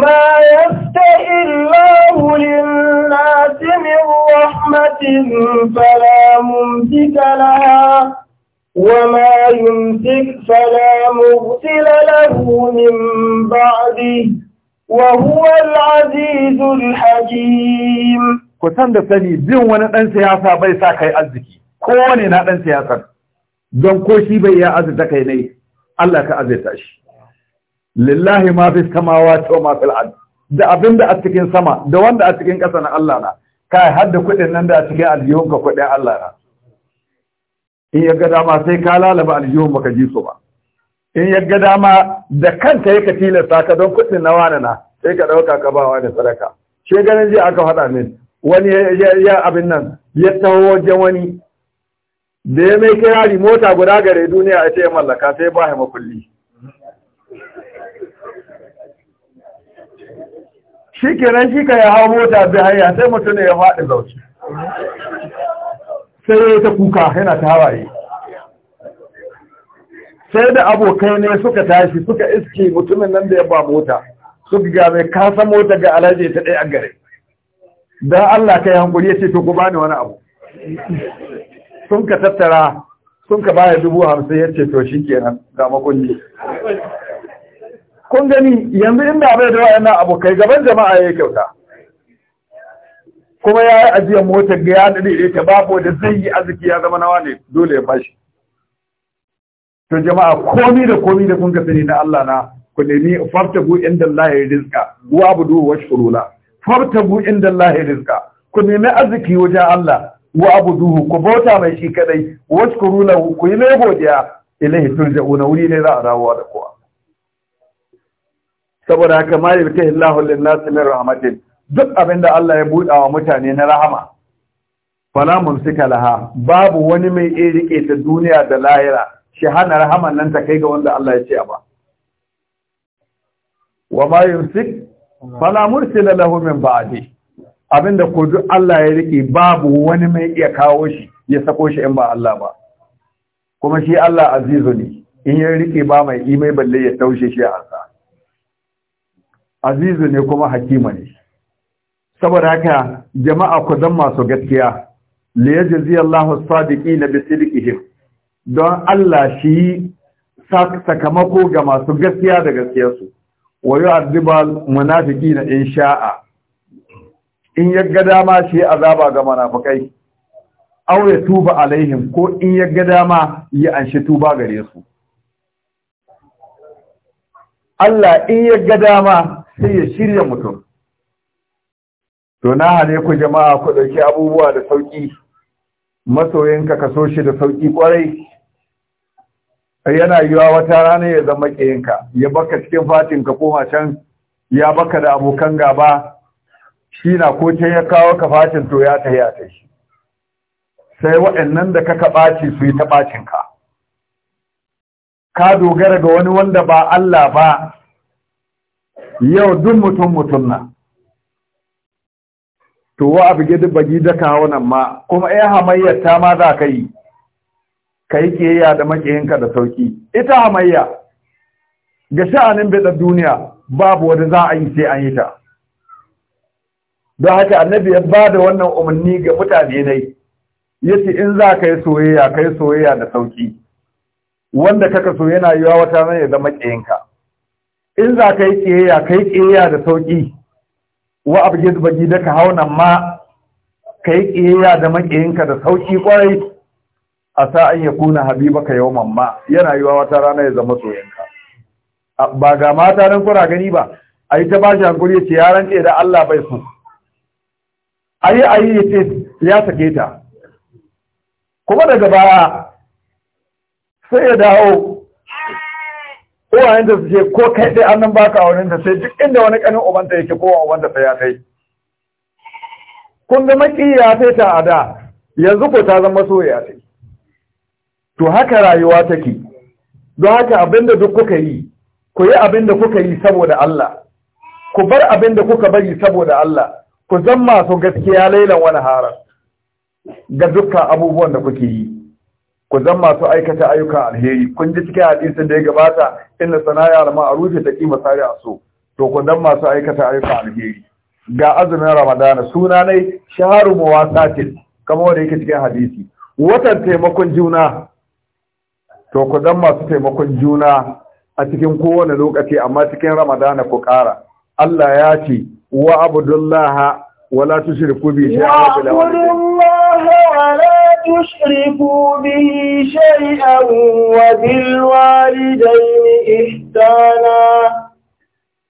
[SPEAKER 1] ma yarta illahu lin nasi min rahmatin fala mumsika la وما يمسك فلا مغسل له من بعده وهو العزيز
[SPEAKER 2] Ku san da sani bin wani dan siyasa bai sa kai arziki kowane na ɗan siyasar don ko shi bai ya azurta kai ne Allah ka azurta shi lillahi ma fi samawa to ma fil ard da abin da a cikin sama da wanda a cikin ƙasa na Allah na kai har da kuɗin nan da a cikin aljihun ka kuɗin Allah na in ya ga dama sai ka lalaba aljihun baka ji su ba in ya ga dama da kanta yake tilasta ka don kuɗin na wani na sai ka ɗauka ka ba wani sadaka shi ganin ji aka faɗa min wani ya abin nan ya taho wajen wani da ya mai kirari mota guda gare duniya a ce ya mallaka sai ba ya makulli shi kenan shi ka ya hau mota bi hanya sai mutum ya faɗi zauci
[SPEAKER 1] sai ya ta kuka yana ta hawaye
[SPEAKER 2] sai da abokai ne suka tashi suka iske mutumin nan da ya ba mota suka ga mai kasa mota ga alaje ta ɗaya a gare don Allah ka yi hankuri ya ce to ku bani wani abu sun ka tattara sun ka baya dubu hamsin ya ce to shi kenan ga makonni kun gani yanzu inda bai da wayannan abokai gaban jama'a ya kyauta kuma ya yi ajiyar motar ga ya daɗe ta babu da zai yi arziki ya zama nawa ne dole ya bashi to jama'a komi da komi da kun sani na Allah na ku nemi bu inda Allah ya rizka wa abudu wa shurula bu inda Allah ya rizka ku nemi arziki wajen Allah wa abuduhu ku bauta mai shi kadai washkuru lahu ku yi mai godiya ilaihi turja'una wuri ne za a dawowa da kowa saboda haka ma yabtahi Allahu lin-nas min rahmatin duk abinda Allah ya buɗa wa mutane na rahama fala mumsika laha babu wani mai iya rike ta duniya da lahira shi hana rahaman nan ta kai ga wanda Allah ya ce ba wa ma yumsik fala mursila lahu min ba'di abinda ko duk Allah ya rike babu wani mai iya kawo shi ya sako shi in ba Allah ba kuma shi Allah azizu ne in ya rike ba mai imai balle ya taushe shi a ansa azizu ne kuma hakima ne saboda haka jama'a ku zan masu gaskiya li yajzi Allahu sadiqina bi sidqihim don Allah shi sakamako ga masu gaskiya da gaskiyarsu wa yu'adhibu al-munafiqina in sha'a in ya dama shi azaba ga munafikai aw ya tuba alaihim ko in ya dama ya anshi tuba gare su Allah in ya dama sai ya shirya mutum to na hale ku jama'a ku dauki abubuwa da sauki masoyinka ka so shi da sauki kwarai yana yiwa wata rana ya zama kiyinka ya baka cikin fatin ka koma can ya baka da abokan gaba shi na ko can ya kawo ka to ya ta ya ta shi sai waɗannan da ka ɓaci su yi ta ɓacin ka ka dogara ga wani wanda ba Allah ba yau duk mutum mutum na to wa abu gidi bagi da kawo nan ma kuma ya hamayyar ta ma za ka yi ka yi ƙiyayya da makiyinka da sauki ita hamayya ga sha'anin da duniya babu wani za a yi sai an yi ta don haka annabi ya ba da wannan umarni ga mutane ne ya ce in za ka yi soyayya ka yi soyayya da sauki wanda kaka so yana yiwa wata nan ya zama ƙiyinka in za ka yi ƙiyayya ka yi ƙiyayya da sauki wa abgiz bagi da ka hauna ma ka yi ƙiyayya da maƙiyinka da sauki kwarai a sa an ya kuna ka yau mamma. yana yiwa wata rana ya zama soyayya. ba ga mata nan kuna gani ba a yi ta ba shi hankuri ce yaran ce da Allah bai so ayi ayi ya ce ya sake ta kuma daga baya sai ya dawo uwa da su ce ko kai dai annan baka auren sai duk inda wani kanin ubanta yake ko ubanta ta ya kai kun ga ya sai ta ada yanzu ko ta zama soyayya sai to haka rayuwa take don haka abinda duk kuka yi ku yi abinda kuka yi saboda Allah ku bar abinda kuka bari saboda Allah ku zan masu gaskiya lailan wani haram ga dukkan abubuwan da kuke yi ku zan masu aikata ayyukan alheri kun ji cikin hadisin da ya gabata inna sanaya a rufe ta qima sari aso to ku zan masu aikata ayyukan alheri ga azumin ramadana suna ne shaharu muwasatin kamar wanda yake cikin hadisi watan taimakon juna to ku zan masu taimakon juna a cikin kowane lokaci amma cikin ramadana ku kara Allah ya ce وعبد الله ولا تشركوا به شيئا وعبد
[SPEAKER 1] الله ولا تشركوا به شيئا وبالوالدين إحسانا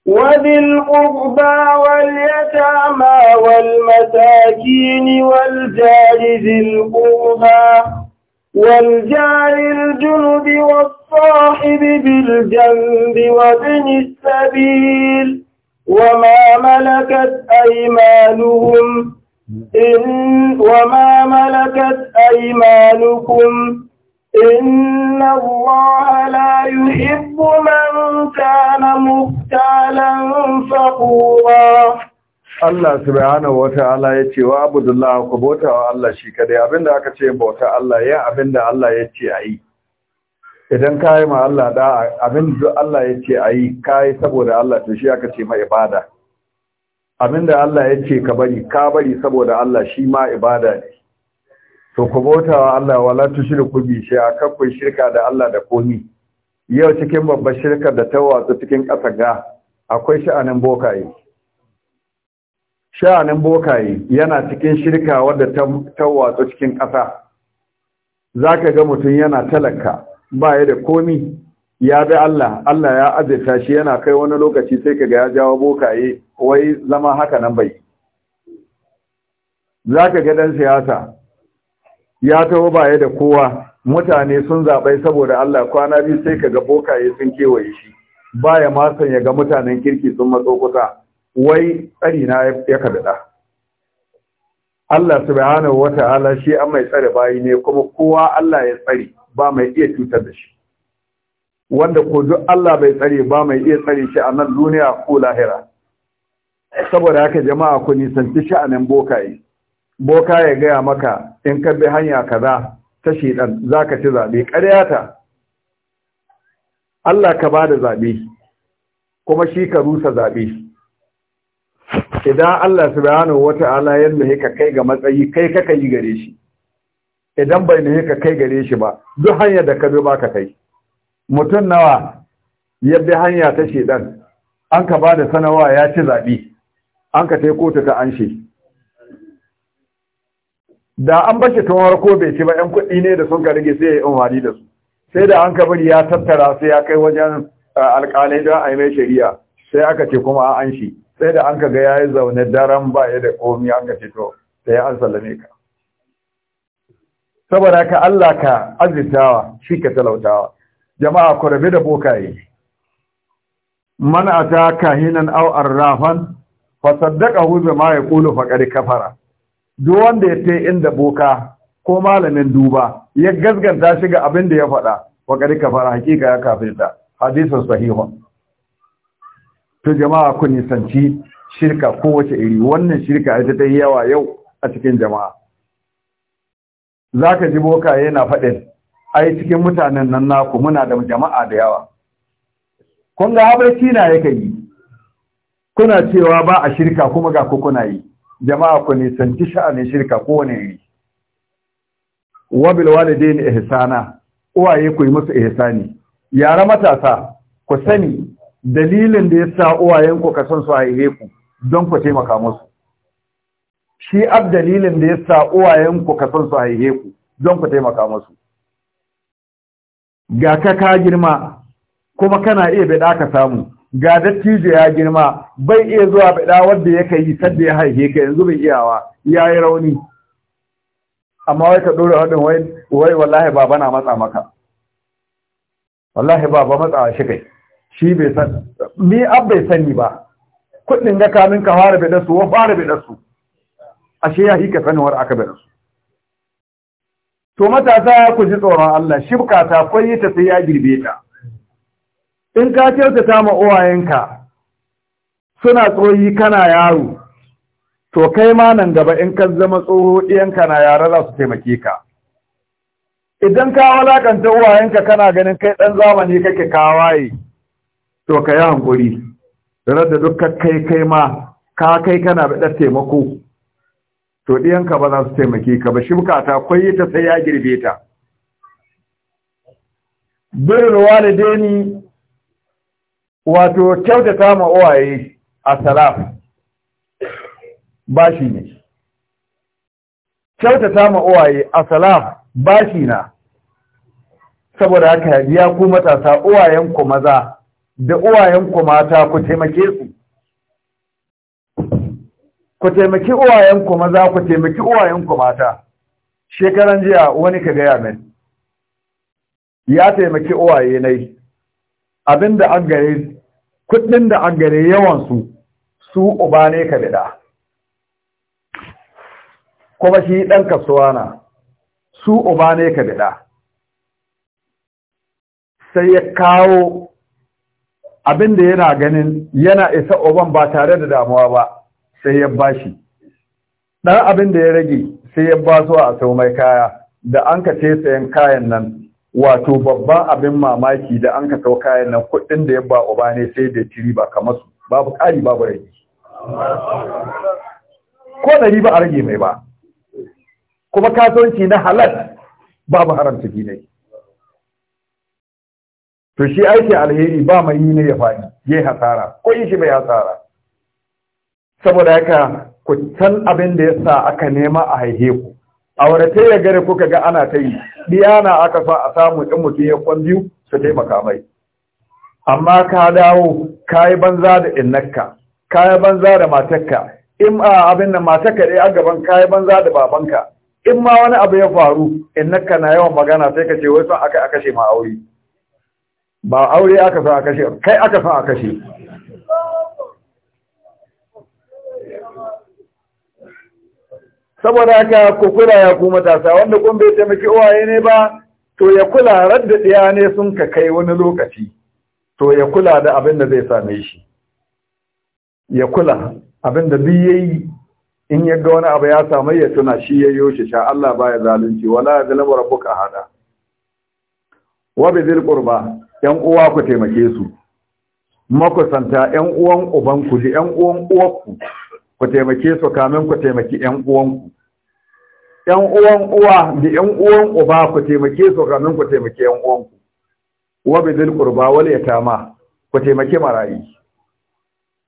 [SPEAKER 1] وبالقربى واليتامى والمساكين والجار ذي القربى والجار الجنب والصاحب بالجنب وابن السبيل وما ملكت أيمانهم إن وما ملكت أيمانكم إن الله لا يحب من كان مختالا فخورا
[SPEAKER 2] Allah subhanahu ta'ala ya ce wa abudullah ku bauta wa Allah shi kadai abinda aka ce bauta Allah ya abinda Allah ya ce a yi idan ka yi ma Allah da abin da Allah ya ce a yi ka yi saboda Allah to shi aka ce ma ibada abin da Allah ya ce ka bari ka bari saboda Allah shi ma ibada ne to ku bautawa Allah wala tushriku bi shay'a kar ku shirka da Allah da komi yau cikin babbar shirkar da ta watsu cikin ƙasa ga akwai sha'anin bokaye sha'anin bokaye yana cikin shirka wadda ta watsu cikin ƙasa zaka ga mutum yana talaka ba ya da komi ya bi Allah Allah ya azurta shi yana kai wani lokaci sai kaga ya jawo bokaye wai zama haka nan bai Za ka ga dan siyasa ya taho ba ya da kowa mutane sun zaɓai saboda Allah kwana biyu sai kaga bokaye sun kewaye shi baya ma san ya ga mutanen kirki sun matso kusa wai tsari na ya kada Allah subhanahu wata'ala shi an mai tsare bayi ne kuma kowa Allah ya tsare ba mai iya cutar da shi wanda ko duk Allah bai tsare ba mai iya tsare shi a nan duniya ko lahira saboda haka jama'a ku nisanci sha'anin bokaye boka ya gaya maka in ka bi hanya kaza ta shedan zaka ci zabe ta. Allah ka bada zabe kuma shi ka rusa zabe idan Allah subhanahu wata'ala ya nuhe ka kai ga matsayi kai kaka yi gare shi idan bai ne ka kai gare shi ba duk hanyar da ka zo ba ka kai mutum nawa ya bi hanya ta shedan an ka ba da sanawa ya ci zaɓi an ka tai kotu ta an da an shi tuwar ko bai ci ba yan kuɗi ne da sun ka rage sai ya yi amfani da su sai da an ka bari ya tattara sai ya kai wajen alƙalai don a yi mai shari'a sai aka ce kuma an shi sai da an ka ga ya yi zaune daren ba ya da komi an ka ce sai an sallame ka saboda ka Allah ka azirtawa shi ka talautawa jama'a ku rabe da bokaye man ata kahinan aw arrafan fa saddaqahu bima yaqulu qad kafara duk wanda ya tai inda boka ko malamin duba ya gazganta shi ga abin da ya faɗa qad kafara hakika ya kafirta hadisin sahiha to jama'a ku nisanci shirka ko wace iri wannan shirka ita ta yawa yau a cikin jama'a za ka ji boka yana faɗin ai cikin mutanen nan naku muna da jama'a da yawa kun ga habarci na ya kai kuna cewa ba a shirka kuma ga kuna yi jama'a ku ne, nisanci sha'anin shirka kowane yi. wabil walidain ihsana uwaye ku yi musu ihsani yara matasa ku sani dalilin da yasa uwayen ku ka son su haife ku don ku taimaka musu shi ab dalilin da ya sa uwayenku ka san su haihe ku don ku taimaka musu ga ka ka girma kuma kana iya bida ka samu ga dattijo ya girma bai iya zuwa bida wanda ya kai sadda ya haihe ka yanzu bai iyawa ya yi rauni amma wai ka dora wadin wai wallahi baba na matsa maka wallahi baba matsa shi kai shi bai san ni ab bai sani ba kudin ga kamin ka fara bida su wa fara bida su ashe ya hika sanuwar akabarin su to matasa ya ji tsoron Allah shibka ta kwayi ta sai ya girbe ta in ka kyautata ma uwayenka suna tsoyi kana yaro to kai ma nan gaba in ka zama tsoho ɗiyanka na yara za su taimake ka idan ka walakanta uwayenka kana ganin kai ɗan zamani kake kawaye to ka yi hankuri da dukkan kai kai ma ka kai kana da taimako to ɗiyanka ba za su taimake ka ba shibka ta kwaye ta sai ya girbe ta birin walideni wato kyautata ma uwaye a salaf bashi ne kyautata ma uwaye a salaf bashi na saboda haka ya ku matasa uwayenku maza da uwayenku mata ku taimake su ku taimaki uwayenku maza ku taimaki uwayenku mata shekaran jiya wani ka gaya min ya taimaki uwaye nai da an gare kudin da an gare yawansu su uba ne ka bida kuma shi ɗan kasuwa na su uba ne ka bida sai ya kawo abin da yana ganin yana isa uban ba tare da damuwa ba sai ya shi ɗan abin da ya rage sai ya ba su a sau mai kaya da an ka ce sayan kayan nan wato babban abin mamaki da an ka sau kayan nan kuɗin da ya ba uba ne sai da tiri ba kamar su babu ƙari babu rage ko ɗari ba a rage mai ba kuma kasuwanci na halal babu haramta ne to shi aiki alheri ba mai yi ne ya faɗi ya hasara ko yi shi bai hasara saboda haka ku san abin da yasa aka nema a haihe ku auratai ya gare kuka ga ana ta yi diyana aka sa a samu in mutum ya kwan biyu su taimaka mai amma ka dawo ka yi banza da innaka, ka yi banza da matakka in a abin da matakka ɗaya a gaban ka yi banza da babanka in ma wani abu ya faru innakka na yawan magana sai ka ce wai son aka kashe ma aure ba aure aka san a kashe kai aka son a kashe saboda haka ko kula ya ku matasa wanda kun bai taimaki uwaye ne ba to ya kula radda ɗaya ne sun ka kai wani lokaci to ya kula da abin da zai same shi ya kula abin da duk yayi in ya ga wani abu ya samu ya tuna shi ya shi sha Allah baya zalunci wala rabu rabbuka hada wa bizil qurba yan uwa ku taimake su makusanta yan uwan ubanku ji yan uwan uwarku ku taimake su kamin ku taimaki ƴan uwanku ƴan uwan uwa da ƴan uwan uba ku taimake su kamin ku taimaki ƴan uwanku wa dil qurba wal yatama ku taimake marayi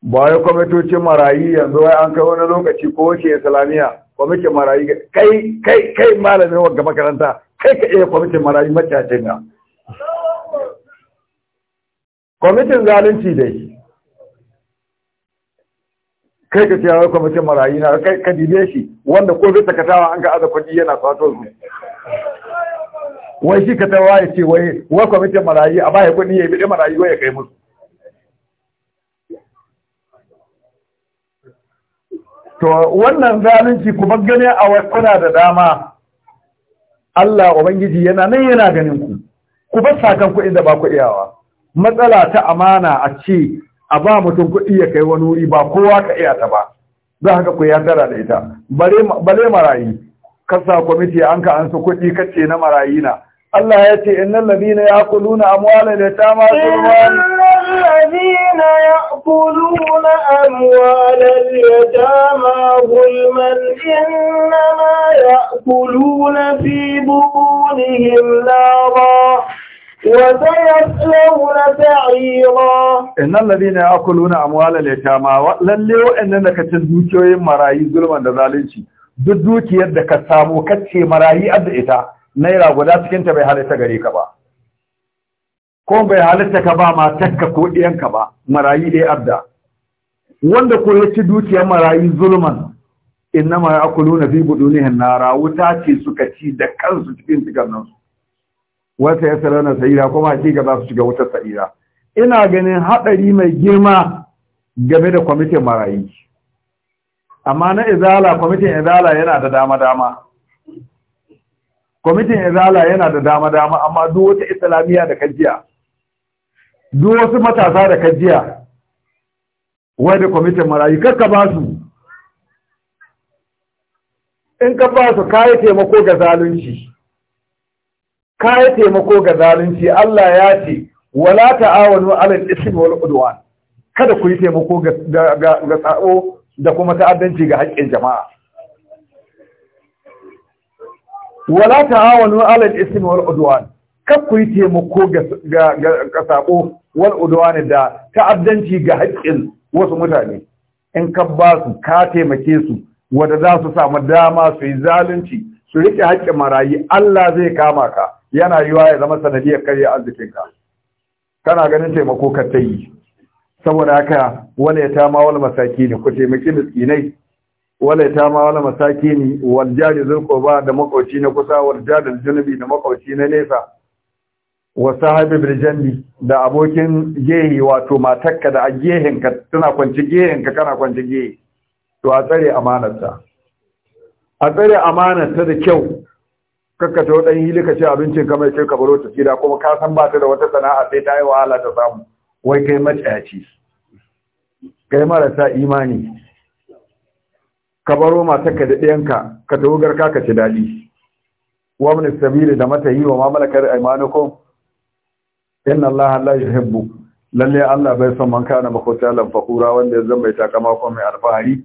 [SPEAKER 2] Bayan kwamitocin marayi yanzu wai an kai wani lokaci ko wace salamiya, kwamitin marayi kai kai kai malamin wagga makaranta kai ka iya kwamitin marayi matacin ga. kwamitin zalunci dai kai ka cewa kwamitin marayu na kai ka dibe shi wanda ko bai takatawa an ga aza kuɗi yana sato su wai shi ka tawa ya ce wai wa kwamitin marayu a baya kuɗi ya biɗi marayu ya kai musu to wannan zalunci kuma gane a kuna da dama Allah ubangiji yana nan yana ganin ku ku bar sakan ku inda ba ku iyawa matsala ta amana a ce a ba mutum kuɗi ya kai wani wuri ba kowa ka iya ta ba don haka ku yardara da ita bare marayi kasa kwamiti an ka an su kuɗi kace na marayi na Allah ya ce innal ladina yaquluna amwala al-yatama zulman
[SPEAKER 1] الذين يأكلون أموال ya ظلما إنما يأكلون في بطونهم نارا وسيصلون سعيرا
[SPEAKER 2] na الذين يأكلون ma wa lalle waɗannan ka cin dukiyoyin marayi zulman da zalunci duk dukiyar da ka samu kace marayi adda ita naira guda cikin ta bai halitta gare ka ba ko bai halitta ka ba ma takka ko ɗiyanka ba marayi ɗaya adda wanda ko ya ci dukiyar marayi zulman innama ya'kuluna fi budunihim nara wuta ce suka ci da kansu cikin cikarnansu wata ya na sa'ira kuma hakika za su shiga wutar sa'ira ina ganin haɗari mai girma game da kwamitin marayu amma na izala kwamitin izala yana da dama-dama kwamitin izala yana da dama-dama amma duk wata islamiyya da kajiya duk wasu matasa da kajiya da kwamitin marayu kakka ba su in ka ba su kayi taimako ga zalunci kai taimako ga zalunci Allah ya ce wala ta'awanu 'alal ismi wal udwan kada ku yi taimako ga ga sa'o da kuma ta'addanci ga haƙƙin jama'a wala ta'awanu 'alal ismi wal udwan kada ku yi taimako ga ga sa'o wal udwan da ta'addanci ga haƙƙin wasu mutane in ka ba su ka taimake su wanda za su samu dama su yi zalunci su riƙe haƙƙin marayi Allah zai kama ka yana yiwa ya zama sanadiyar karya arzikinka kana ganin taimako ka ta yi saboda haka ta wala wani masaki ne, ku taimaki miskinai wala wani masaki ne, wal jari zul ba da makoci na kusa wal jari junubi da makoci na nesa wa sahibi birjandi da abokin gehi wato matakka da agehin ka tana kwanci gehin ka kana kwanci gehi to a tsare amanarsa a tsare amana ta da kyau kakka ta wadan hili ka ce abincin kamar ce ka baro ta tsira. kuma ka san ba ta da wata sana'a sai ta yi wahala ta samu wai kai matsayaci kai marasa imani ka baro matarka da ka ta garka ka ci daɗi wani sabili da mata yi wa mamalakar malakar aymanukum Allah allah ya yuhibbu lalle allah bai son man kana makotalan fakura wanda ya zama mai takama mai alfahari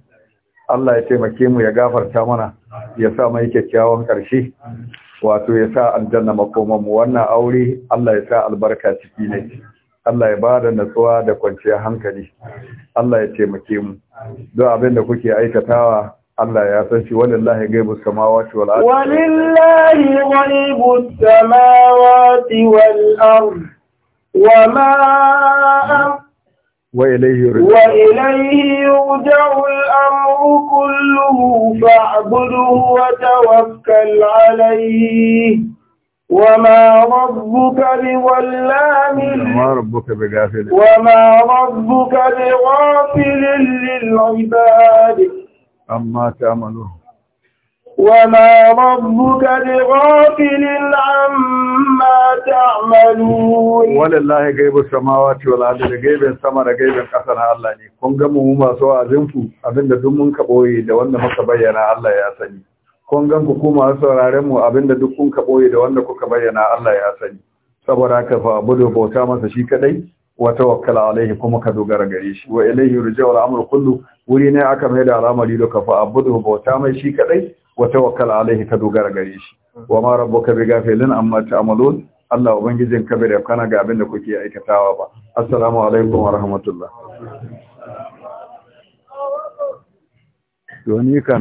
[SPEAKER 2] Allah ya taimake mu ya gafarta mana ya sa mai kyakkyawan ƙarshe wato ya sa aljanna makoman mu wannan aure Allah ya sa albarka ciki ne Allah ya bada natsuwa da kwanciyar hankali Allah ya taimake mu don abin da kuke aikatawa Allah ya san shi walillahi ghaibus samawati wal ardi
[SPEAKER 1] walillahi ghaibus samawati wal ardi wa ma
[SPEAKER 2] وإليه يرجع وإليه
[SPEAKER 1] يرجع الأمر كله فاعبده وتوكل عليه وما ربك بظلام وما
[SPEAKER 2] ربك بغافل
[SPEAKER 1] وما ربك بغافل للعباد
[SPEAKER 2] أما تعملون
[SPEAKER 1] وما ربك بغافل عما
[SPEAKER 2] تعملون ولله غيب السماوات والارض غيب السماء غيب القصر الله ne kun ga mu masu azinku abinda duk mun ka boye da wanda muka bayyana Allah ya sani kun ga ku kuma sauraren mu abinda duk kun ka da wanda kuka bayyana Allah ya sani saboda ka fa budu bauta masa shi kadai wa tawakkala alaihi kuma ka dogara gare shi wa ilaihi rujul amru kullu wuri ne aka mai da al'amari duka fa abudu bauta mai shi kadai Wata tawakkal alaihi ka dogara gare shi wa ma rabbuka bighafilin amma ta'malun Allah ubangijin ka bai kana ga abin da kuke aikatawa ba assalamu alaikum wa rahmatullah to ni kan